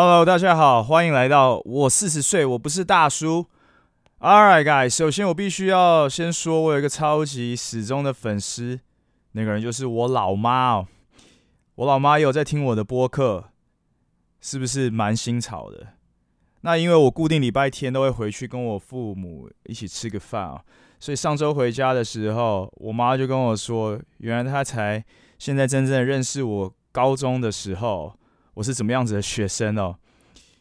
Hello，大家好，歡迎來到我四十歲，我不是大叔。All right, guys，首先我必須要先說，我有一個超級死忠的粉絲，那個人就是我老媽哦。我老媽有在聽我的播客，是不是蠻新潮的？那因為我固定禮拜天都會回去跟我父母一起吃個飯哦，所以上周回家的時候，我媽就跟我說，原來她才現在真正認識我高中的時候。我是怎麼樣子的學生哦？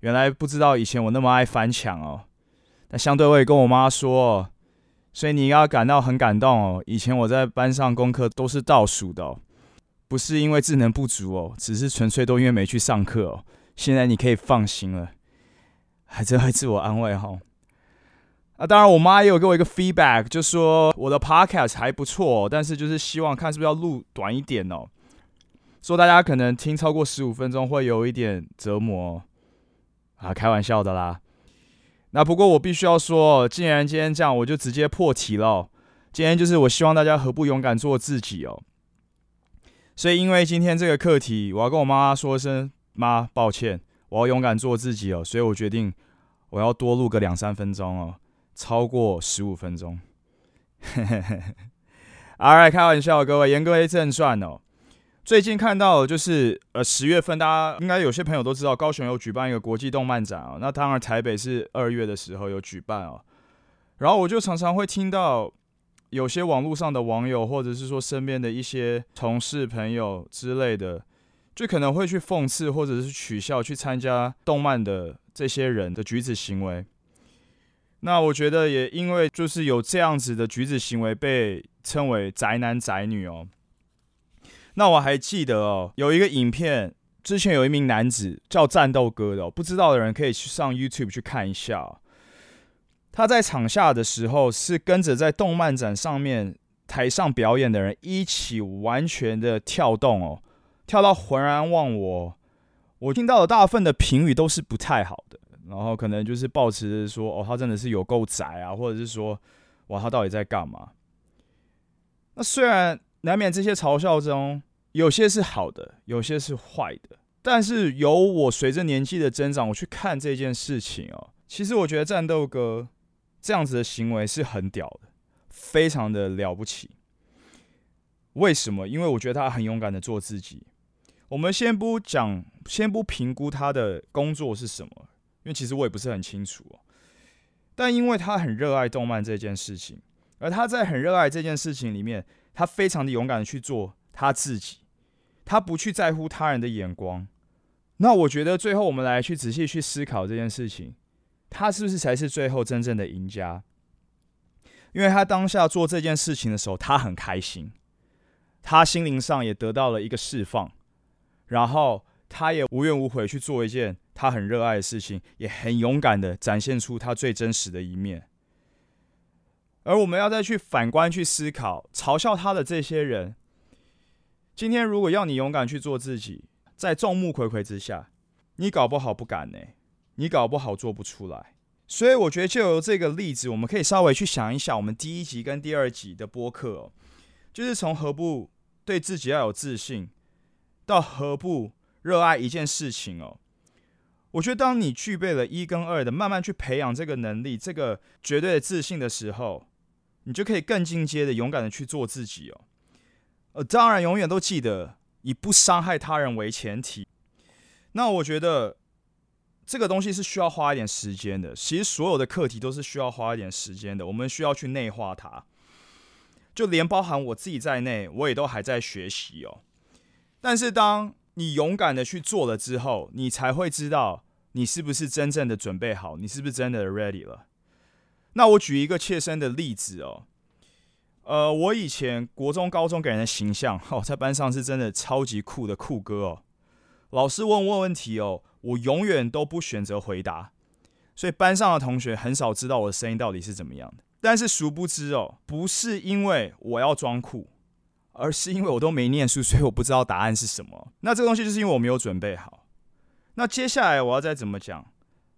原來不知道以前我那麼愛翻牆哦。但相對我也跟我媽說，哦，所以你應該要感到很感動哦。以前我在班上功課都是倒數的，哦，不是因為智能不足哦，只是純粹都因為沒去上課哦。現在你可以放心了，還真會自我安慰哈，哦。啊，當然我媽也有給我一個 feedback，就說我的 podcast 還不錯，哦，但是就是希望看是不是要錄短一點哦。說大家可能聽超過十五分鐘會有一點折磨、哦、啊，開玩笑的啦。那不過我必須要說，既然今天這樣，我就直接破題了、哦。今天就是我希望大家何不勇敢做自己哦。所以因為今天這個課題，我要跟我媽媽說一聲，媽，抱歉，我要勇敢做自己哦。所以我決定我要多錄個兩三分鐘哦，超過十五分鐘。嘿 嘿嘿嘿 All right，開玩笑，各位言歸正傳哦。最近看到就是呃十月份，大家應該有些朋友都知道高雄有舉辦一個國際動漫展哦。那當然台北是二月的時候有舉辦哦。然後我就常常會聽到有些網絡上的網友，或者是說身邊的一些同事、朋友之類的，就可能會去諷刺或者是取笑去參加動漫的這些人的舉止行為。那我覺得也因為就是有這樣子的舉止行為被稱為宅男宅女哦。那我還記得哦，有一個影片，之前有一名男子叫戰鬥哥的哦，不知道的人可以去上 YouTube 去看一下哦。他在場下的時候是跟着在動漫展上面台上表演的人一起完全的跳動哦，跳到渾然忘我。我聽到的大部分的評語都是不太好的，然後可能就是抱持著說哦，他真的是有夠宅啊，或者是說哇，他到底在幹嘛？那雖然難免這些嘲笑中。有些是好的，有些是壞的。但是由我隨着年紀的增長，我去看這件事情哦，其實我覺得戰鬥哥這樣子的行為是很屌的，非常的了不起。為什麼？因為我覺得他很勇敢的做自己。我們先不講，先不評估他的工作是什麼，因為其實我也不是很清楚哦。但因為他很熱愛動漫這件事情，而他在很熱愛這件事情裡面，他非常的勇敢的去做。他自己，他不去在乎他人的眼光，那我覺得最後我們來去仔細去思考這件事情，他是不是才是最後真正的贏家？因為他當下做這件事情的時候，他很開心，他心靈上也得到了一個釋放，然後他也無怨無悔去做一件他很熱愛的事情，也很勇敢的展現出他最真實的一面。而我們要再去反觀去思考，嘲笑他的這些人。今天如果要你勇敢去做自己，在眾目睽睽之下，你搞不好不敢呢、欸，你搞不好做不出來。所以我覺得藉由這個例子，我們可以稍微去想一想，我們第一集跟第二集的播客哦、喔，就是從何不對自己要有自信，到何不熱愛一件事情哦、喔。我覺得當你具備了一跟二的，慢慢去培養這個能力，這個絕對的自信的時候，你就可以更進階的勇敢的去做自己哦、喔。我當然，永遠都記得以不傷害他人為前提。那我覺得這個東西是需要花一點時間的。其實所有的課題都是需要花一點時間的。我們需要去內化它。就連包含我自己在內，我也都還在學習哦。但是當你勇敢的去做了之後，你才會知道你是不是真正的準備好，你是不是真的 ready 了。那我舉一個切身的例子哦。呃，我以前國中、高中給人的形象，哦，在班上是真的超級酷的酷哥哦。老師問問問題哦，我永遠都不選擇回答，所以班上的同學很少知道我的聲音到底是怎麼樣的。但是殊不知哦，不是因為我要裝酷，而是因為我都沒唸書，所以我不知道答案是什麼。那這個東西就是因為我沒有準備好。那接下來我要再怎麼講？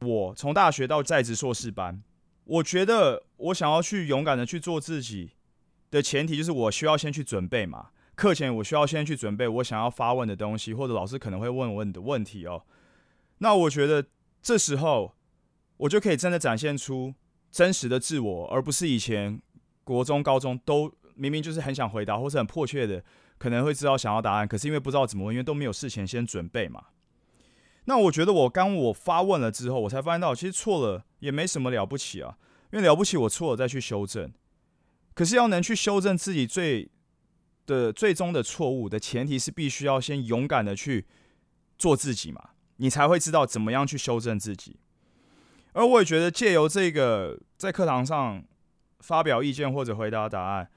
我從大學到在職碩士班，我覺得我想要去勇敢的去做自己。的前提就是我需要先去準備嘛，課前我需要先去準備我想要發問的東西，或者老師可能會問我的問題哦。那我覺得這時候我就可以真的展現出真實的自我，而不是以前國中、高中都明明就是很想回答，或是很迫切的可能會知道想要答案，可是因為不知道怎麼問，因為都沒有事前先準備嘛。那我覺得我剛我發問了之後，我才發現到其實錯了也沒什麼了不起啊，因為了不起我錯了再去修正。可是要能去修正自己最的最終的錯誤的前提是必須要先勇敢的去做自己嘛，你才會知道怎麼樣去修正自己。而我也覺得借由這個在課堂上發表意見或者回答答案，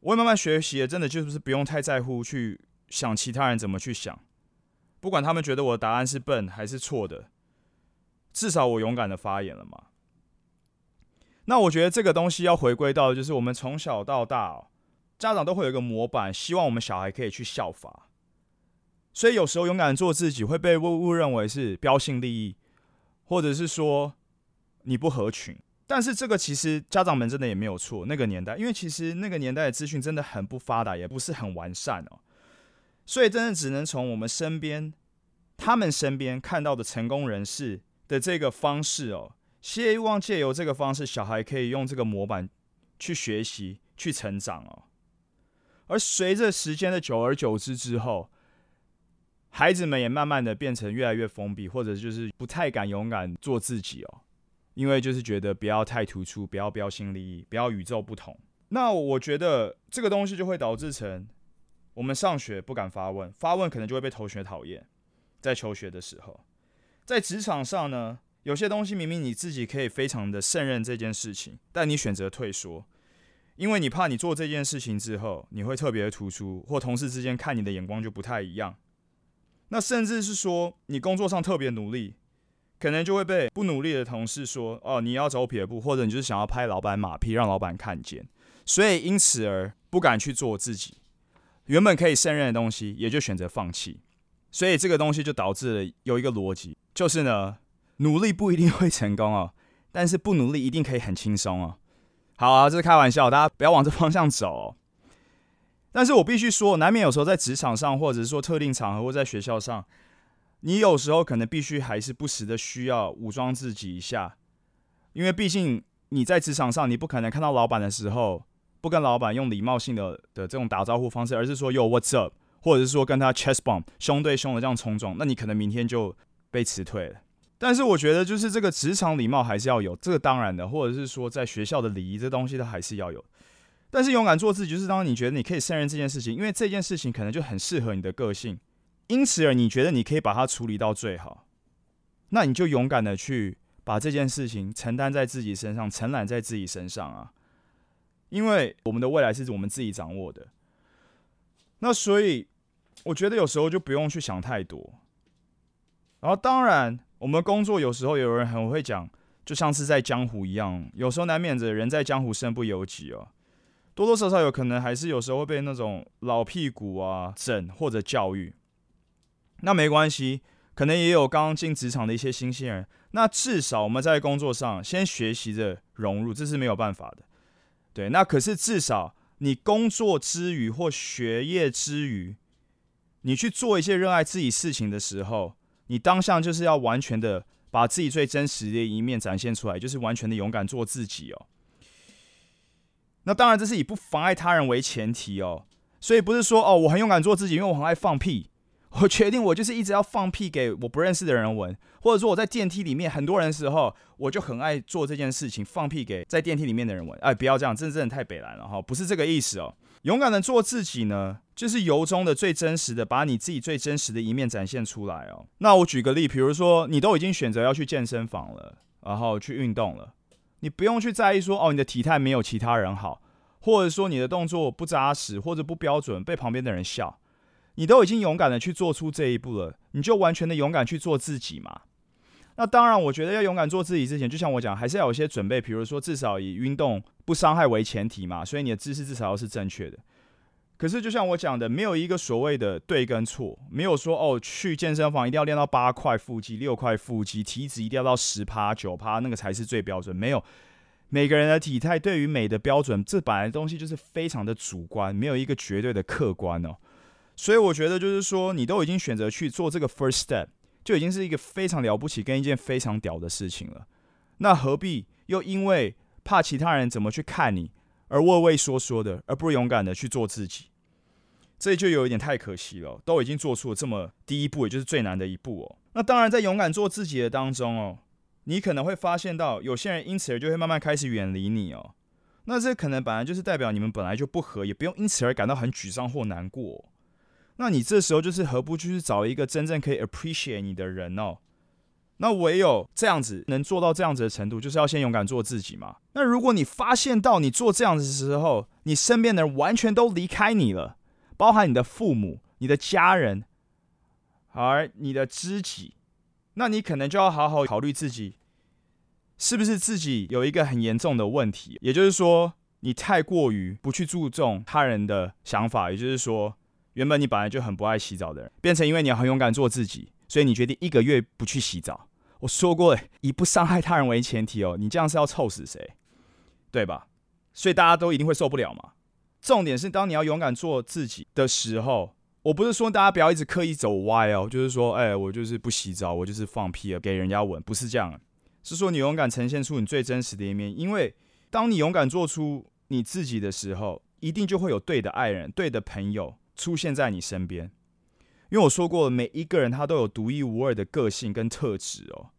我也慢慢學習了，真的就是不用太在乎去想其他人怎麼去想，不管他們覺得我的答案是笨還是錯的，至少我勇敢的發言了嘛。那我覺得這個東西要回歸到，就是我們從小到大，哦，家長都會有一個模板，希望我們小孩可以去效法。所以有時候勇敢做自己會被誤誤認為是標新立異，或者是說你不合群。但是這個其實家長們真的也沒有錯，那個年代，因為其實那個年代的資訊真的很不發達，也不是很完善哦，所以真的只能從我們身邊、他們身邊看到的成功人士的這個方式哦。希望借由這個方式，小孩可以用這個模板去學習、去成長哦。而隨着時間的久而久之之後，孩子們也慢慢的變成越來越封閉，或者就是不太敢勇敢做自己哦，因為就是覺得不要太突出，不要標新立異，不要與眾不同。那我覺得這個東西就會導致成，我們上學不敢發問，發問可能就會被同學討厭。在求學的時候，在職場上呢？有些東西明明你自己可以非常的勝任這件事情，但你選擇退縮，因為你怕你做這件事情之後，你會特別突出，或同事之間看你的眼光就不太一樣。那甚至是說你工作上特別努力，可能就會被不努力的同事說，哦，你要走撇步，或者你就是想要拍老闆馬屁讓老闆看見，所以因此而不敢去做自己原本可以勝任的東西，也就選擇放棄。所以這個東西就導致了有一個邏輯，就是呢。努力不一定會成功哦，但是不努力一定可以很輕鬆哦。好啊，這是開玩笑，大家不要往這方向走哦。但是我必須說，難免有時候在職場上，或者是說特定場合，或在學校上，你有時候可能必須還是不時的需要武裝自己一下，因為畢竟你在職場上，你不可能看到老闆的時候不跟老闆用禮貌性的的這種打招呼方式，而是說喲 What's up，或者是說跟他 chest bump 胸對胸的這樣衝撞，那你可能明天就被辭退了。但是我覺得，就是這個職場禮貌還是要有，這個當然的，或者是說在學校的禮儀這東西都還是要有。但是勇敢做自己，就是當你覺得你可以勝任這件事情，因為這件事情可能就很適合你的個性，因此而你覺得你可以把它處理到最好，那你就勇敢的去把這件事情承擔在自己身上，承攬在自己身上啊。因為我們的未來是我們自己掌握的，那所以我覺得有時候就不用去想太多。然後當然。我們工作有時候有人很會講，就像是在江湖一樣，有時候難免的人在江湖身不由己哦，多多少少有可能還是有時候會被那種老屁股啊整或者教育。那沒關係，可能也有剛剛進職場的一些新鮮人。那至少我們在工作上先學習着融入，這是沒有辦法的。對，那可是至少你工作之餘或學業之餘，你去做一些熱愛自己事情的時候。你當下就是要完全的把自己最真實的一面展現出來，就是完全的勇敢做自己哦。那當然這是以不妨礙他人為前提哦，所以不是說哦，我很勇敢做自己，因為我很愛放屁。我決定我就是一直要放屁給我不認識的人聞，或者說我在電梯裡面很多人的時候，我就很愛做這件事情，放屁給在電梯裡面的人聞。哎，不要這樣，這真的太北爛了哈，不是這個意思哦。勇敢的做自己呢，就是由衷的、最真實的，把你自己最真實的一面展現出來哦。那我舉個例，比如說你都已經選擇要去健身房了，然後去運動了，你不用去在意說哦，你的體態沒有其他人好，或者說你的動作不扎實，或者不標準，被旁邊的人笑，你都已經勇敢的去做出這一步了，你就完全的勇敢去做自己嘛。那當然，我覺得要勇敢做自己之前，就像我講，還是要有一些準備。比如說，至少以運動不傷害為前提嘛，所以你的姿勢至少要是正確的。可是，就像我講的，沒有一個所謂的對跟錯，沒有說哦，去健身房一定要練到八塊腹肌、六塊腹肌，體脂一定要到十趴、九趴，那個才是最標準。沒有，每個人的體態對於美的標準，這本來的東西就是非常的主觀，沒有一個絕對的客觀哦。所以我覺得就是說，你都已經選擇去做這個 first step。就已經是一個非常了不起跟一件非常屌的事情了，那何必又因為怕其他人怎麼去看你，而畏畏縮縮的，而不勇敢的去做自己？這就有一點太可惜了，都已經做出了這麼第一步，也就是最難的一步哦。那當然，在勇敢做自己的當中哦，你可能會發現到有些人因此而就會慢慢開始遠離你哦，那這可能本來就是代表你們本來就不合，也不用因此而感到很沮喪或難過。哦。那你這時候就是何不就去找一個真正可以 appreciate 你的人哦？那唯有這樣子能做到這樣子的程度，就是要先勇敢做自己嘛。那如果你發現到你做這樣子的時候，你身邊的人完全都離開你了，包含你的父母、你的家人，而你的知己，那你可能就要好好考慮自己是不是自己有一個很嚴重的問題，也就是說，你太過於不去注重他人的想法，也就是說。原本你本來就很不愛洗澡的人，變成因為你要很勇敢做自己，所以你決定一個月不去洗澡。我說過，以不傷害他人為前提哦，你這樣是要臭死誰，對吧？所以大家都一定會受不了嘛。重點是，當你要勇敢做自己的時候，我不是說大家不要一直刻意走歪哦，就是說，哎，我就是不洗澡，我就是放屁，給人家聞，不是這樣，是說你勇敢呈現出你最真實的一面。因為當你勇敢做出你自己的時候，一定就會有對的愛人、對的朋友。出現在你身邊，因為我說過，每一個人他都有獨一無二的個性跟特質哦、喔。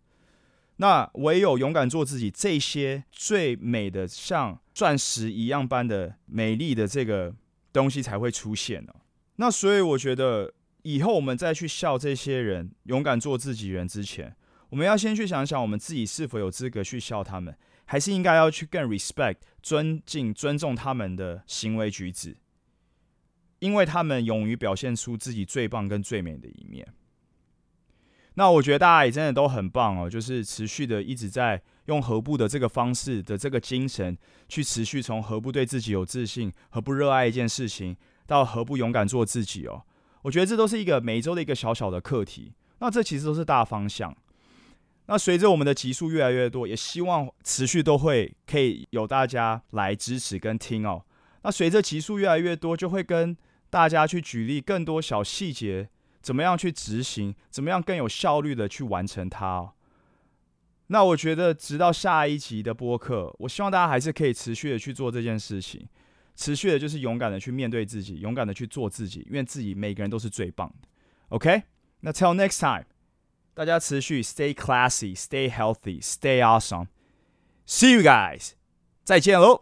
那唯有勇敢做自己，這些最美的像鑽石一樣般的美麗的這個東西才會出現哦、喔。那所以我覺得，以後我們再去笑這些人勇敢做自己人之前，我們要先去想想我們自己是否有資格去笑他們，還是應該要去更 respect、尊敬、尊重他們的行為舉止。因為他們勇於表現出自己最棒跟最美的一面，那我覺得大家也真的都很棒哦，就是持續的一直在用何不的這個方式的這個精神，去持續從何不對自己有自信，何不熱愛一件事情，到何不勇敢做自己哦。我覺得這都是一個每週的一個小小的課題，那這其實都是大方向。那隨着我們的集數越來越多，也希望持續都會可以有大家來支持跟聽哦。那隨着集數越來越多，就會跟大家去舉例更多小細節，怎麼樣去執行？怎麼樣更有效率的去完成它？哦，那我覺得直到下一集的播客，我希望大家還是可以持續的去做這件事情，持續的就是勇敢的去面對自己，勇敢的去做自己，因為自己每個人都是最棒的。OK，那 Till next time，大家持續 Stay classy，Stay healthy，Stay awesome，See you guys，再見嘍。